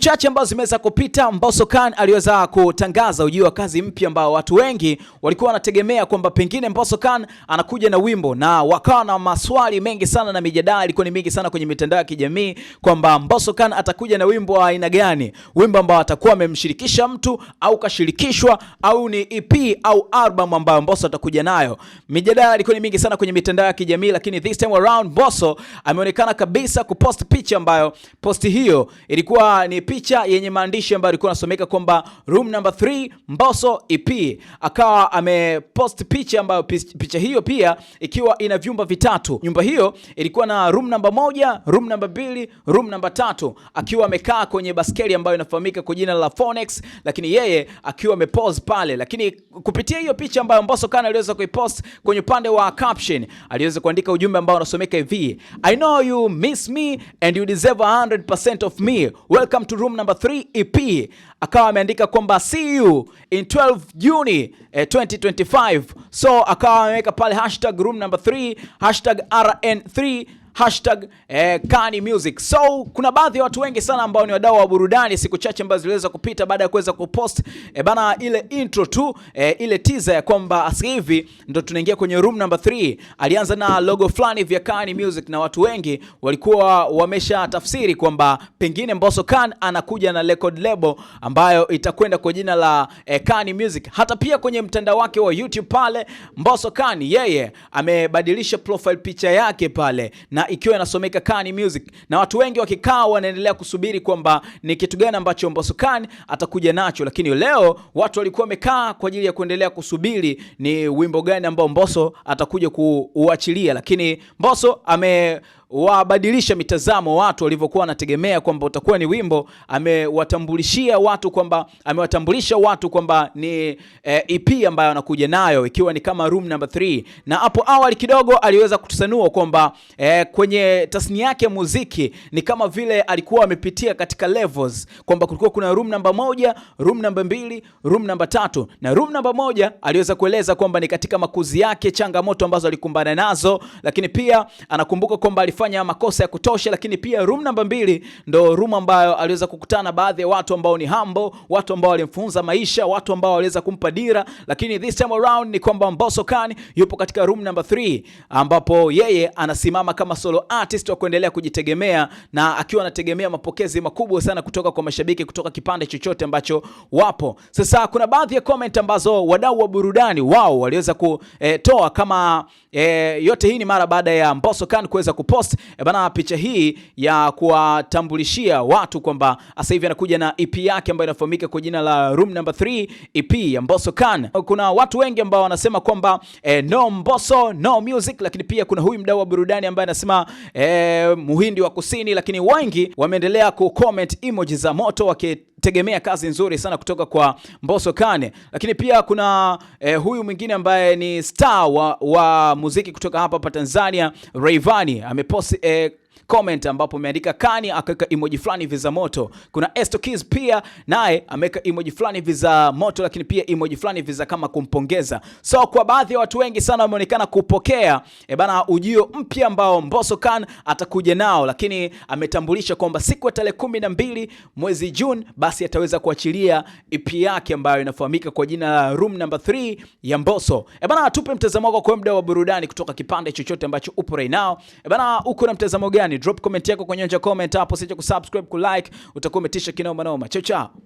chache ambazo zimeweza kupita, Mbosso Khan aliweza kutangaza ujio wa kazi mpya ambao watu wengi walikuwa wanategemea kwamba pengine Mbosso Khan anakuja na wimbo, na wakawa na maswali mengi sana na mijadala ilikuwa ni mingi sana kwenye mitandao ya kijamii kwamba Mbosso Khan atakuja na wimbo wa aina gani, wimbo ambao atakuwa amemshirikisha mtu au kashirikishwa, au ni EP au album ambayo Mbosso atakuja nayo. Mijadala ilikuwa ni mingi sana kwenye mitandao ya kijamii, lakini this time around Mbosso ameonekana kabisa kupost picha ambayo post hiyo ilikuwa ni picha yenye maandishi ambayo alikuwa anasomeka kwamba room number 3 Mbosso EP, akawa amepost picha ambayo picha hiyo pia ikiwa ina vyumba vitatu. Nyumba hiyo ilikuwa na room number moja, room number mbili, room number tatu, akiwa amekaa kwenye baskeli ambayo inafahamika kwa jina la Phoenix, lakini yeye akiwa amepost pale, lakini kupitia hiyo picha ambayo Mbosso kana aliweza kuipost kwenye upande wa caption, aliweza kuandika ujumbe ambao unasomeka hivi I know you miss me and you deserve 100% of me welcome to Room Number 3 EP akawa ameandika kwamba see you in 12 Juni eh, 2025. So akawa ameweka pale hashtag room number 3 hashtag RN3 hashtag eh, Kani Music. So kuna baadhi ya watu wengi sana ambao ni wadau wa burudani, siku chache ambazo ziliweza kupita baada ya kuweza kupost eh, bana ile intro tu eh, ile teaser ya kwamba sasa hivi ndo tunaingia kwenye room number 3. Alianza na logo fulani vya Kani Music na watu wengi walikuwa wamesha tafsiri kwamba pengine Mbosso Khan anakuja na record label ambayo itakwenda kwa jina la eh, Kani Music. Hata pia kwenye mtandao wake wa YouTube pale Mbosso Khan yeye amebadilisha profile picha yake pale na ikiwa inasomeka Kani Music, na watu wengi wakikaa wanaendelea kusubiri kwamba ni kitu gani ambacho Mbosso kani atakuja nacho, lakini leo watu walikuwa wamekaa kwa ajili ya kuendelea kusubiri ni wimbo gani ambao Mbosso atakuja kuuachilia, lakini Mbosso ame wabadilisha mitazamo watu walivyokuwa wanategemea kwamba utakuwa ni wimbo. Amewatambulishia watu kwamba amewatambulisha watu kwamba ni eh, e, EP ambayo anakuja nayo ikiwa ni kama Room Number 3, na hapo awali kidogo aliweza kutusanua kwamba e, kwenye tasnia yake ya muziki ni kama vile alikuwa amepitia katika levels kwamba kulikuwa kuna room Number moja, room Number mbili, room Number tatu na room Number moja aliweza kueleza kwamba ni katika makuzi yake, changamoto ambazo alikumbana nazo, lakini pia anakumbuka kwamba kufanya makosa ya kutosha, lakini pia room namba mbili ndo room ambayo aliweza kukutana baadhi ya watu ambao ni humble, watu ambao walimfunza maisha, watu ambao waliweza kumpa dira, lakini this time around ni kwamba Mbosso Khan yupo katika room namba 3 ambapo yeye anasimama kama solo artist wa kuendelea kujitegemea na akiwa anategemea mapokezi makubwa sana kutoka kwa mashabiki kutoka kipande chochote ambacho wapo. Sasa kuna baadhi ya comment ambazo wadau wa burudani wao waliweza kutoa eh, kama e, yote hii ni mara baada ya Mbosso Khan kuweza kupost post e eh, bana, picha hii ya kuwatambulishia watu kwamba ah, sasa hivi anakuja na EP yake ambayo inafahamika kwa jina la Room Number 3 EP ya Mbosso Khan. Kuna watu wengi ambao wanasema kwamba eh, no Mbosso no music, lakini pia kuna huyu mdau wa burudani ambaye anasema eh, muhindi wa kusini, lakini wengi wameendelea ku comment emoji za moto waki tegemea kazi nzuri sana kutoka kwa Mbosso Kane, lakini pia kuna eh, huyu mwingine ambaye ni star wa, wa muziki kutoka hapa hapa Tanzania Rayvanny ameposti eh, comment ambapo umeandika kani akaweka emoji fulani hivi za moto. Kuna Estokiz pia naye ameweka emoji fulani hivi za moto, lakini pia emoji fulani hivi za kama kumpongeza. So kwa baadhi ya watu wengi sana wameonekana kupokea e bana ujio mpya ambao Mbosso Khan atakuja nao, lakini ametambulisha kwamba siku ya tarehe kumi na mbili mwezi Juni basi ataweza kuachilia EP yake ambayo inafahamika kwa jina la Room Number 3 ya Mbosso. E bana, tupe mtazamo wako kwa muda wa burudani kutoka kipande chochote ambacho upo right now. E bana, uko na mtazamo gani? gani? Drop comment yako kwenye nje comment hapo, sija kusubscribe, kulike, utakuwa umetisha kinoma noma. Chao chao.